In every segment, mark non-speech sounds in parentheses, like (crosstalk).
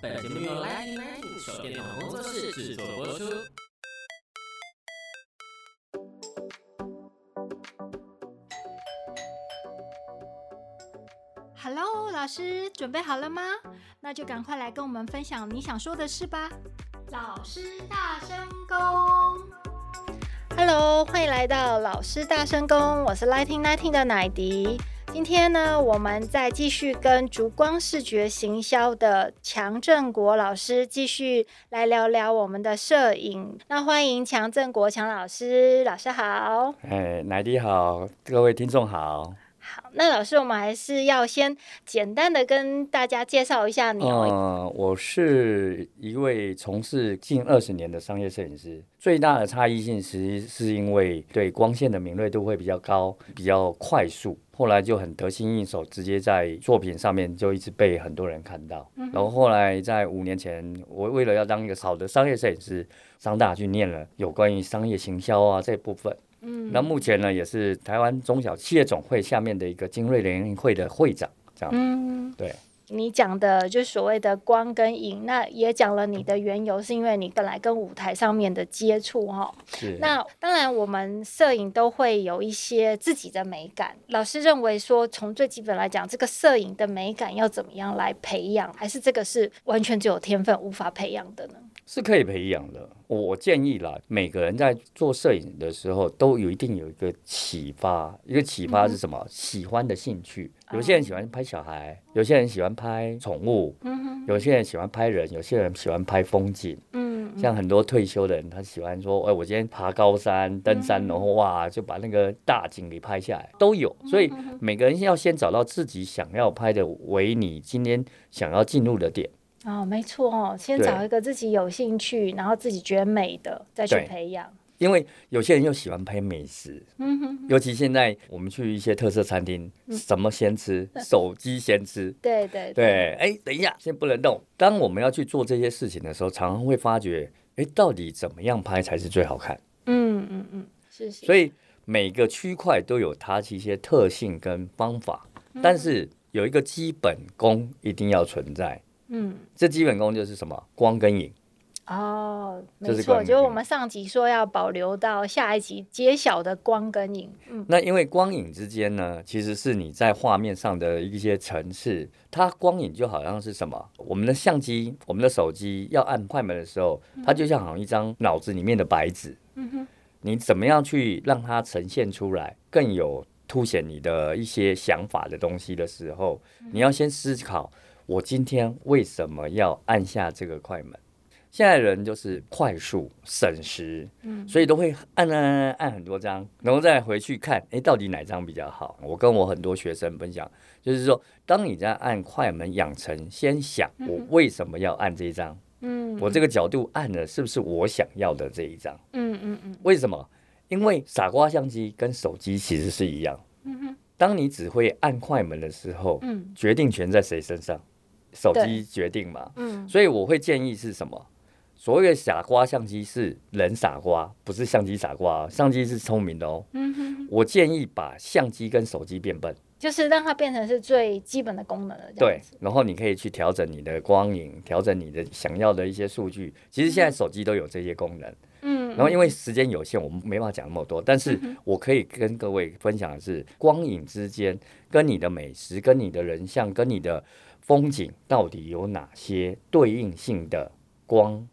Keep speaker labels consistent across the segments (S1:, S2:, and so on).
S1: 本節目由 Lightning Ninety 手電筒工作室製作播出。Hello，老師，準備好了嗎？那就趕快來跟我們分享你想說的事吧。 (music) 老師大聲公，Hello，歡迎來到老師大聲公，我是 Lightning Ninety 的奶迪。今天呢，我們再繼續跟築光視覺行銷的強振國老師繼續來聊聊我們的攝影。那歡迎強振國強老師，老師好。
S2: 哎、欸，奶弟好，各位聽眾好。
S1: 好，那老師，我們還是要先簡單的跟大家介紹一下你一。
S2: 嗯，我是一位從事近二十年的商業攝影師。最大的差異性，其實是因為對光線的敏銳度會比較高，比較快速。後來就很得心應手，直接在作品上面就一直被很多人看到。嗯哼。然後後來在五年前，我為了要當一個好的商業攝影師，上大學念了有關於商業行銷啊這部分。嗯，那目前呢也是台灣中小企業總會下面的一個精銳聯誼會的會長，這樣。嗯，對。
S1: 你講的就所謂的光跟影，那也講了你的緣由，是因為你本來跟舞台上面的接觸哈。嗯哦、是。那當然，我們攝影都會有一些自己的美感。老師認為說，從最基本來講，這個攝影的美感要怎麼樣來培養，還是這個是完全只有天分無法培養的呢？
S2: 是可以培養的。我建議啦，每個人在做攝影的時候，都有一定有一個啟發，一個啟發是什麼？嗯哼。喜歡的興趣。有些人喜歡拍小孩，有些人喜歡拍寵物，嗯哼。有些人喜歡拍人，有些人喜歡拍風景。嗯嗯。像很多退休的人，他喜歡說：“哎、欸，我今天爬高山、登山，嗯。然後哇，就把那個大景給拍下來。”都有。所以每個人要先找到自己想要拍的，為你今天想要進入的點。
S1: 哦，沒錯哦，先找一個自己有興趣，對然後自己覺得美的，再去培養。
S2: 因為有些人又喜歡拍美食，
S1: (laughs) 尤
S2: 其現在我們去一些特色餐廳， (laughs) 什麼先吃， (laughs) 手機先吃， (laughs) 對對對，哎，等一下，先不能動。當我們要去做這些事情的時候，常常會發覺，哎，到底怎麼樣拍才是最好看？嗯
S1: 嗯嗯，謝謝。所以
S2: 每個區塊都有它一些特性跟方法， (laughs) 但是有一個基本功一定要存在。嗯，這基本功就是什麼？光跟影哦，
S1: 沒錯，就是我們上集說要保留到下一集揭曉的光跟影。
S2: 嗯，那因為光影之間呢，其實是你在畫面上的一些層次，它光影就好像是什麼？我們的相機、我們的手機要按快門的時候，它就像好像一張腦子裡面的白紙。
S1: 嗯哼，
S2: 你怎麼樣去讓它呈現出來更有凸顯你的一些想法的東西的時候，你要先思考。我今天為什麼要按下這個快門？現在人就是快速省時，所以都會按按按,按很多張，然後再回去看，哎、欸，到底哪張比較好？我跟我很多學生分享，就是說，當你在按快門，養成先想我為什麼要按這一張，我這個角度按的是不是我想要的這一張？為什麼？因為傻瓜相機跟手機其實是一樣，當你只會按快門的時候，決定權在誰身上？手機決定嘛，嗯，所以我會建議是什麼？所謂的傻瓜相機是人傻瓜，不是相機傻瓜啊，相機是聰明的哦。嗯哼哼，我建議把相機跟手機變笨，
S1: 就是讓它變成是最基本的功能了。對，
S2: 然後你可以去調整你的光影，調整你的想要的一些數據。其實現在手機都有這些功能，嗯，然後因為時間有限，我們沒辦法講那麼多，但是我可以跟各位分享的是光影之間，跟你的美食，跟你的人像，跟你的。風景到底有哪些對應性的光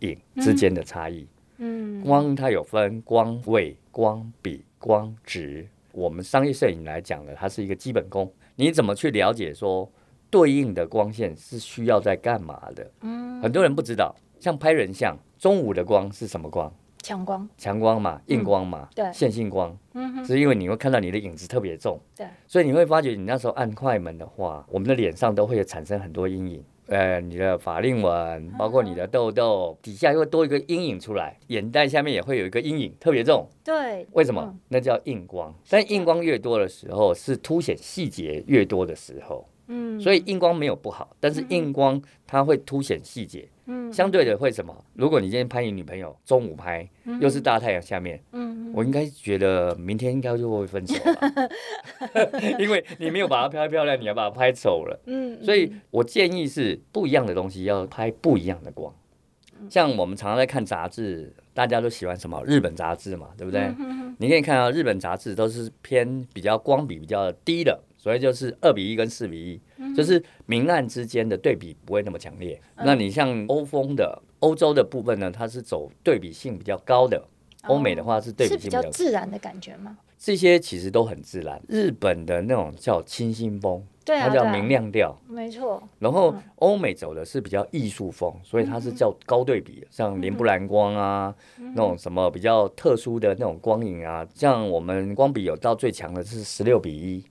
S2: 影之間的差異？嗯，嗯，光它有分光位、光比、光值。我們商業攝影來講呢，它是一個基本功。你怎麼去了解說對應的光線是需要在幹嘛的？嗯，很多人不知道，像拍人像，中午的光是什麼光？強光，強光嘛，硬光嘛，嗯、對，線性光，嗯哼，是因為你會看到你的影子特別重，對，所以你會發覺你那時候按快門的話，我們的臉上都會產生很多陰影，嗯、呃，你的法令紋，嗯、包括你的痘痘、嗯、哼底下又多一個陰影出來，眼袋下面也會有一個陰影特別重，對，為什麼？嗯、那叫硬光，但硬光越多的時候，是凸顯細節越多的時候。嗯、所以硬光沒有不好，但是硬光它會凸顯細節。嗯、相對的會什麼？如果你今天拍你女朋友，中午拍又是大太陽下面，嗯嗯、我應該覺得明天應該就會分手吧。 (laughs) (laughs) 因為你沒有把它拍漂，漂亮，你要把它拍醜了。嗯、所以我建議是不一樣的東西要拍不一樣的光。像我們常常在看雜誌，大家都喜歡什麼？日本雜誌嘛，對不對？嗯嗯嗯、你可以看到日本雜誌都是偏比較光比比較低的。所以就是二比一跟四比一，就是明暗之間的對比不會那麼強烈。那你像歐風的歐洲的部分呢，它是走對比性比較高的。歐美的話是對比性比較高的。是
S1: 比較自然的感覺嗎？
S2: 這些其實都很自然。日本的那種叫清新風，對，它叫明亮調，
S1: 沒錯。
S2: 然後歐美走的是比較藝術風，所以它是叫高對比，像林布蘭光啊，那種什麼比較特殊的那種光影啊，像我們光比有到最強的是十六比一，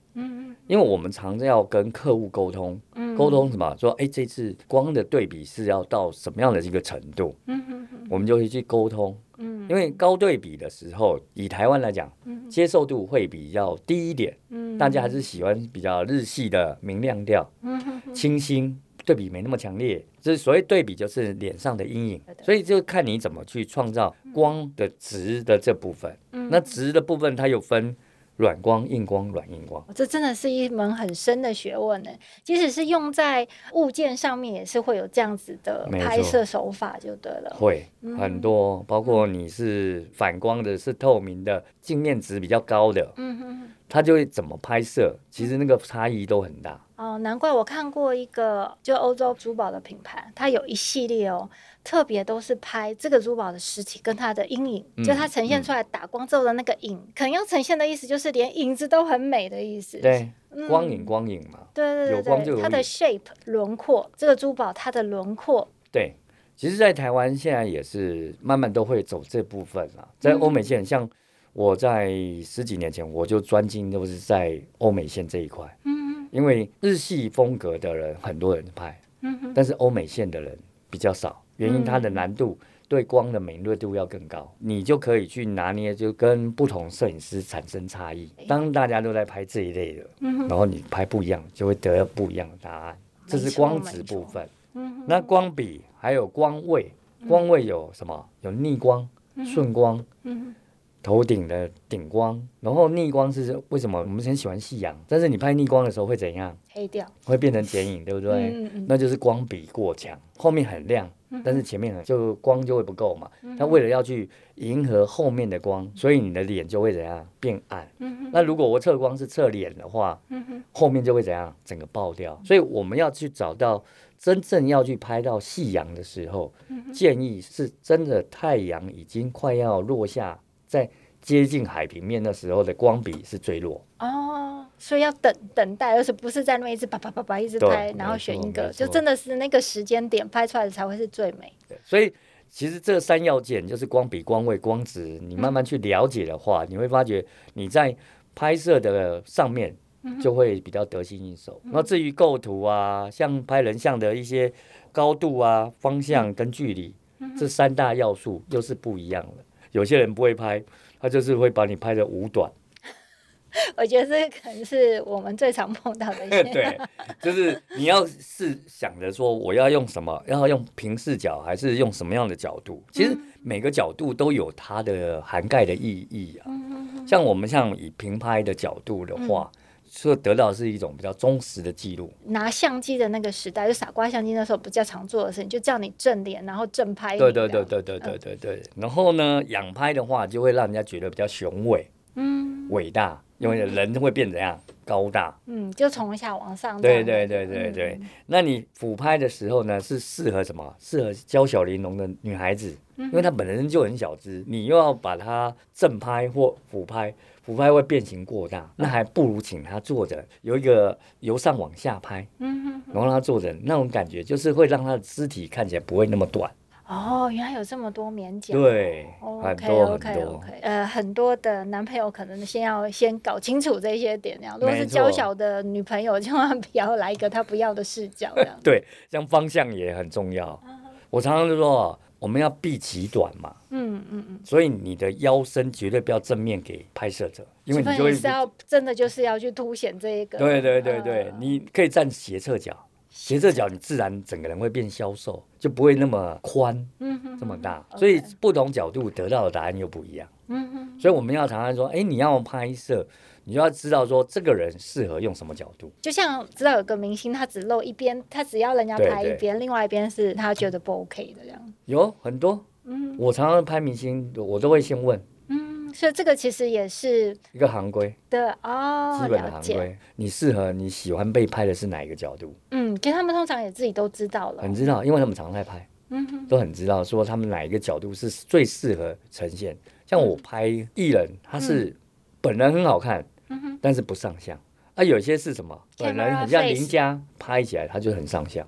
S2: 因為我們常常要跟客戶溝通，溝通什麼？說，哎，這次光的對比是要到什麼樣的一個程度？嗯，我們就會去溝通。嗯，因為高對比的時候，以台灣來講，接受度會比較低一點。嗯，大家還是喜歡比較日系的明亮調，嗯，清新對比沒那麼強烈。這所謂對比，就是臉上的陰影。所以就看你怎麼去創造光的質的這部分。嗯，那質的部分它有分。軟光、硬光、軟硬光，
S1: 這真的是一門很深的學問呢。即使是用在物件上面，也是會有這樣子的拍攝手法就對了。
S2: 沒錯。嗯、會很多、哦，包括你是反光的、是透明的、嗯、鏡面值比較高的，嗯，它就會怎麼拍攝，其實那個差異都很大。嗯、
S1: 哦，難怪我看過一個就歐洲珠寶的品牌，它有一系列哦。特別都是拍這個珠寶的實體跟它的陰影，嗯、就它呈現出來打光之後的那個影，嗯、可能要呈現的意思就是連影子都很美的意思。對，嗯、光影
S2: 光影嘛。對，對對對對。它的
S1: shape 輪廓，這個珠寶它的輪廓。
S2: 對，其實，在台灣現在也是慢慢都會走這部分了，啊。在歐美線，像我在十幾年前，我就專精都是在歐美線這一塊。嗯嗯哼。因為日系風格的人很多人拍，嗯、哼但是歐美線的人比較少。原因它的難度、嗯、對光的敏銳度要更高，你就可以去拿捏，就跟不同攝影師產生差異。當大家都在拍這一類的，哎、呀然後你拍不一樣，就會得到不一樣的答案。嗯、哼這是光質部分。嗯、哼那光比還有光位，嗯、哼光位有什麼？有逆光、順光。嗯頭頂的頂光，然後逆光是為什麼？我們很喜歡夕陽，但是你拍逆光的時候會怎樣？黑掉，會變成剪影，對不對？嗯嗯、那就是光比過強，後面很亮，但是前面呢就光就會不夠嘛。他、嗯、哼為了要去迎合後面的光，所以你的臉就會怎樣變暗？嗯、哼那如果我測光是測臉的話，後面就會怎樣整個爆掉？所以我們要去找到真正要去拍到夕陽的時候，建議是真的太陽已經快要落下。在接近海平面的時候的光比是最弱
S1: 哦，所以要等等待，而且不是在那麼一直叭叭叭叭一直拍，然後選一個，就真的是那個時間點拍出來的才會是最美。
S2: 所以其實這三要件就是光比、光位、光質，你慢慢去了解的話，你會發覺你在拍攝的上面就會比較得心應手。那至於構圖啊，像拍人像的一些高度啊、方向跟距離，這三大要素又是不一樣的。有些人不會拍，他就是會把你拍得五短。
S1: (laughs) 我覺得這可能是我們最常碰到的一。 (laughs) (laughs) 對，
S2: 就是你要是想着說我要用什麼，要用平視角還是用什麼樣的角度？其實每個角度都有它的涵蓋的意義啊。像我們像以平拍的角度的話。嗯嗯所以得到是一種比較忠實的記錄。
S1: 拿相機的那個時代，就傻瓜相機那時候比較常做的事情，就叫你正臉，然後正拍。對對對
S2: 對對對對對。嗯、然後呢，仰拍的話，就會讓人家覺得比較雄偉。
S1: 嗯。偉
S2: 大，因為人會變怎樣？高大。嗯，
S1: 就從下往上。對對對對對。嗯、
S2: 那你俯拍的時候呢，是適合什麼？適合嬌小玲瓏的女孩子，嗯、哼因為她本身就很小只，你又要把她正拍或俯拍。俯拍會變形過大，那還不如請他坐着，有一個由上往下拍，嗯、
S1: 哼哼然
S2: 後讓他坐着，那種感覺就是會讓他的肢體看起來不會那麼短。
S1: 哦，原來有這麼多眉角、喔，對，很多、哦、很多，okay, okay, okay. 呃，很多的男朋友可能先要先搞清楚這些點這樣，那樣錯如果是嬌小的女朋友，千萬不要來一個他不要的視角，這樣
S2: (laughs) 對，像方向也很重要。嗯、我常常就說。我們要避其短嘛，嗯嗯嗯，所以你的腰身絕對不要正面給拍攝者，因為你就是要
S1: 真的就是要去凸顯這一個，對對對對，
S2: 你可以站斜側角，斜側角你自然整個人會變消瘦，就不會那麼寬，這麼大，所以不同角度得到的答案又不一樣，嗯嗯，所以我們要常常說，哎，你要拍攝，你就要知道說這個人適合用什麼角度，
S1: 就像知道有個明星他只露一邊，他只要人家拍一邊，另外一邊是他覺得不 OK 的這樣。
S2: 有很多，嗯，我常常拍明星，我都會先問，
S1: 嗯，所以這個其實也是一個行規，對哦，基本的行規。了
S2: 解。你適合你喜歡被拍的是哪一個角度？
S1: 嗯，其實他們通常也自己都知道了，很
S2: 知道，因為他們常在拍，
S1: 嗯哼，都
S2: 很知道說他們哪一個角度是最適合呈現。像我拍藝人，嗯、他是本人很好看，嗯、哼但是不上相。啊，有些是什麼本人 face 很像鄰家，拍起來他就很上相。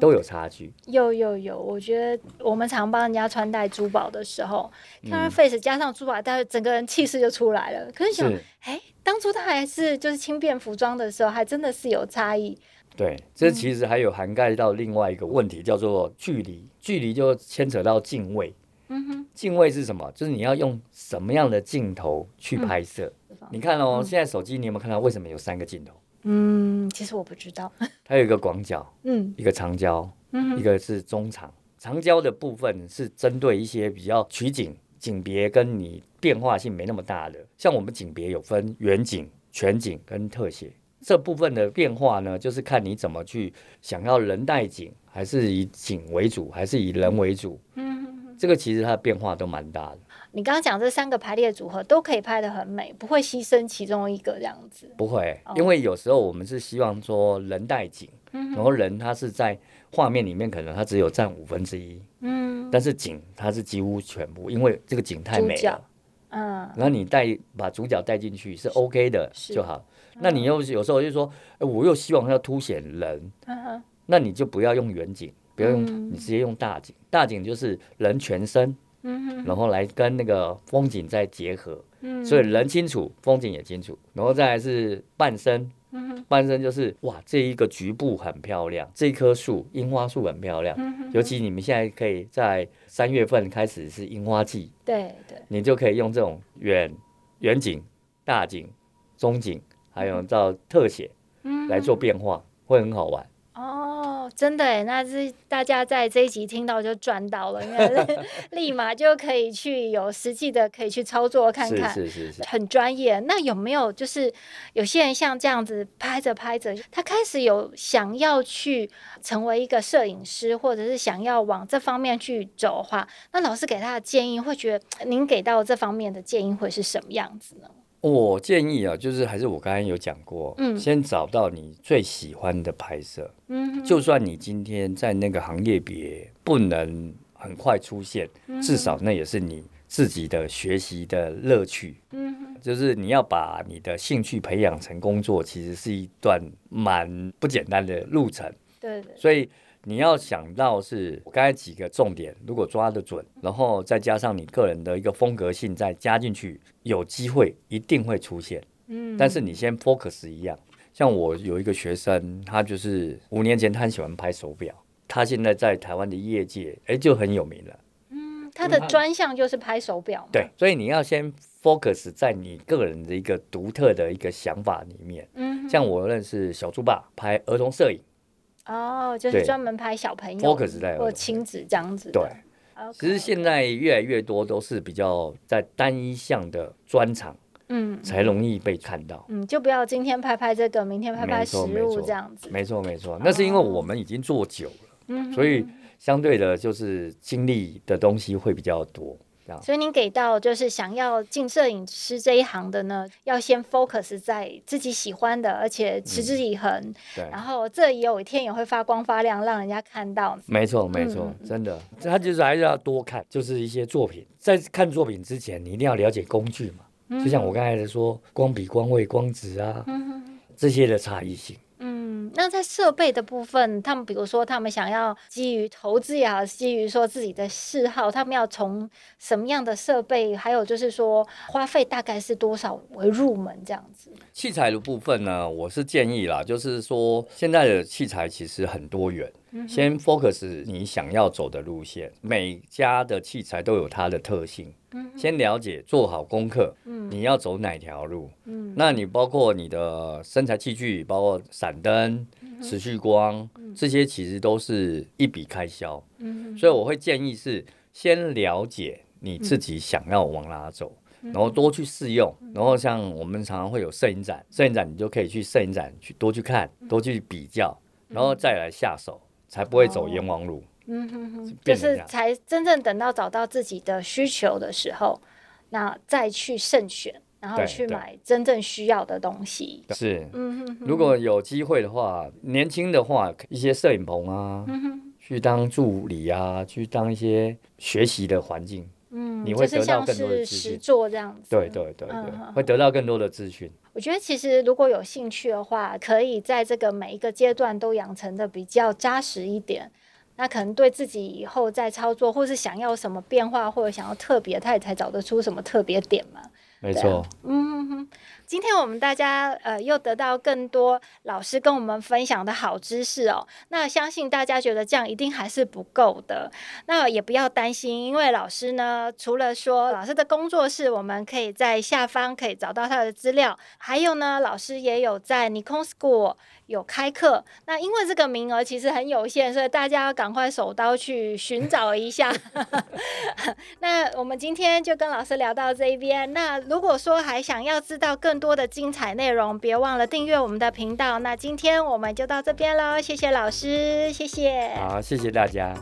S2: 都有差距，
S1: 有有有，我覺得我們常幫人家穿戴珠寶的時候，看上 face，加上珠寶，但是整個人氣勢就出來了。可是你想，哎是，當初他還是就是輕便服裝的時候，還真的是有差異。
S2: 對，這其實還有涵蓋到另外一個問題，嗯、叫做距離，距離就牽扯到鏡位。鏡位、嗯、哼鏡位是什麼？就是你要用什麼樣的鏡頭去拍攝？嗯、你看哦，嗯、現在手機你有沒有看到？為什麼有三個鏡頭？
S1: 嗯，其實我不知道。
S2: (laughs) 它有一個廣角，嗯，一個長焦，嗯、哼一個是中長。長焦的部分是針對一些比較取景景別跟你變化性沒那麼大的，像我們景別有分遠景、全景跟特寫。這部分的變化呢，就是看你怎麼去想要人帶景，還是以景為主，還是以人為主。嗯這個其實它的變化都蠻大的。
S1: 你剛剛講這三個排列組合都可以拍得很美，不會犧牲其中一個這樣子。
S2: 不會，oh. 因為有時候我們是希望說人帶景，嗯、哼然後人他是在畫面裡面，可能他只有佔五分之一，嗯、但是景它是幾乎全部，因為這個景太美
S1: 了，嗯、然後
S2: 你帶把主角帶進去是 OK 的就好。是是，嗯、那你又有時候就說、欸，我又希望要凸顯人，嗯、哼那你就不要用遠景。不要用，嗯、哼你直接用大景。大景就是人全身，嗯、哼然後來跟那個風景再結合，嗯、哼所以人清楚，風景也清楚。然後再來是半身，嗯、哼半身就是哇，這一個局部很漂亮，這棵樹櫻花樹很漂亮。嗯、哼尤其你們現在可以在三月份開始是櫻花季，
S1: 對對，
S2: 你就可以用這種遠遠景、大景、中景，還有到特寫來做變化，會很好玩。
S1: 真的、欸，那是大家在這一集聽到就賺到了，因為立馬就可以去有實際的可以去操作看看，是是 (laughs) 是，是是是很專業。那有沒有就是有些人像這樣子拍着拍着，他開始有想要去成為一個攝影師，或者是想要往這方面去走的話，那老師給他的建議，會覺得您給到這方面的建議會是什麼樣子呢？
S2: 我建議啊，就是還是我剛剛有講過，嗯，先找到你最喜歡的拍攝，嗯哼，就算你今天在那個行業，別不能很快出現，嗯哼，至少那也是你自己的學習的樂趣，嗯哼，就是你要把你的興趣培養成工作，其實是一段蠻不簡單的路程，對，對，對，所以。你要想到是我剛才幾個重點，如果抓得準，然後再加上你個人的一個風格性，再加進去，有機會一定會出現。嗯，但是你先 focus 一樣，像我有一個學生，他就是五年前他很喜歡拍手表，他現在在台灣的業界，哎，就很有名了。
S1: 嗯，他的專項就是拍手表。
S2: 對，所以你要先 focus 在你個人的一個獨特的一個想法裡面。嗯哼，像我認識小豬爸拍兒童攝影。
S1: 哦，就是專門拍小朋友對或親子這樣子。對，okay, okay. 其實
S2: 現在越來越多都是比較在單一項的專場，
S1: 嗯，才
S2: 容易被看到。嗯，
S1: 就不要今天拍拍這個，明天拍拍食物這樣子。
S2: 沒錯，沒錯，那是因為我們已經做久了，嗯哼，所以相對的就是經歷的東西會比較多。Yeah. 所
S1: 以您給到就是想要進攝影師這一行的呢，要先 focus 在自己喜歡的，而且持之以恆，嗯、對，然後這也有一天也會發光發亮，讓人家看到。
S2: 沒錯，沒錯，嗯、真的，他就是還是要多看，就是一些作品。在看作品之前，你一定要了解工具嘛，嗯、就像我剛才在說，光比、光位、光質啊，嗯、哼這些的差異性。
S1: 那在設備的部分，他們比如說他們想要基於投資也好，基於說自己的嗜好，他們要從什麼樣的設備？還有就是說花費大概是多少為入門這樣子。
S2: 器材的部分呢，我是建議啦，就是說現在的器材其實很多元。先 focus 你想要走的路線，每家的器材都有它的特性，先了解、做好功課，嗯、你要走哪條路，嗯、那你包括你的身材器具，包括閃燈、持續光，這些其實都是一筆開銷，嗯、所以我會建議是先了解你自己想要往哪走，嗯、然後多去試用，然後像我們常常會有攝影展，攝影展你就可以去攝影展去多去看，多去比較，然後再來下手。才不會走冤枉路，
S1: 哦，嗯哼哼，就是才真正等到找到自己的需求的時候，那再去慎選，然後去買真正需要的東西。對是，
S2: 嗯、哼哼，如果有機會的話，年輕的話，一些攝影棚啊，嗯、哼哼，去當助理啊，去當一些學習的環境。嗯，就是像是實做這樣子，對對對，會得到更多的資訊。是是，
S1: 我覺得其實如果有興趣的話，可以在這個每一個階段都養成的比較紮實一點，那可能對自己以後再操作，或是，想要什麼變化，或者想要特別，他也才找得出什麼特別點嘛。
S2: 沒錯。對
S1: 啊，嗯哼哼。今天我們大家呃又得到更多老師跟我們分享的好知識哦，那相信大家覺得這樣一定還是不夠的，那也不要擔心，因為老師呢除了說老師的工作室，我們可以在下方可以找到他的資料，還有呢老師也有在 Nikon School 有開課，那因為這個名額其實很有限，所以大家要趕快手刀去尋找一下。 (laughs) (laughs) 那我們今天就跟老師聊到這一邊，那如果說還想要知道更多，多的精彩內容，別忘了訂閱我們的頻道。那今天我們就到這邊嘍，謝謝老師，謝謝。
S2: 好，謝謝大家。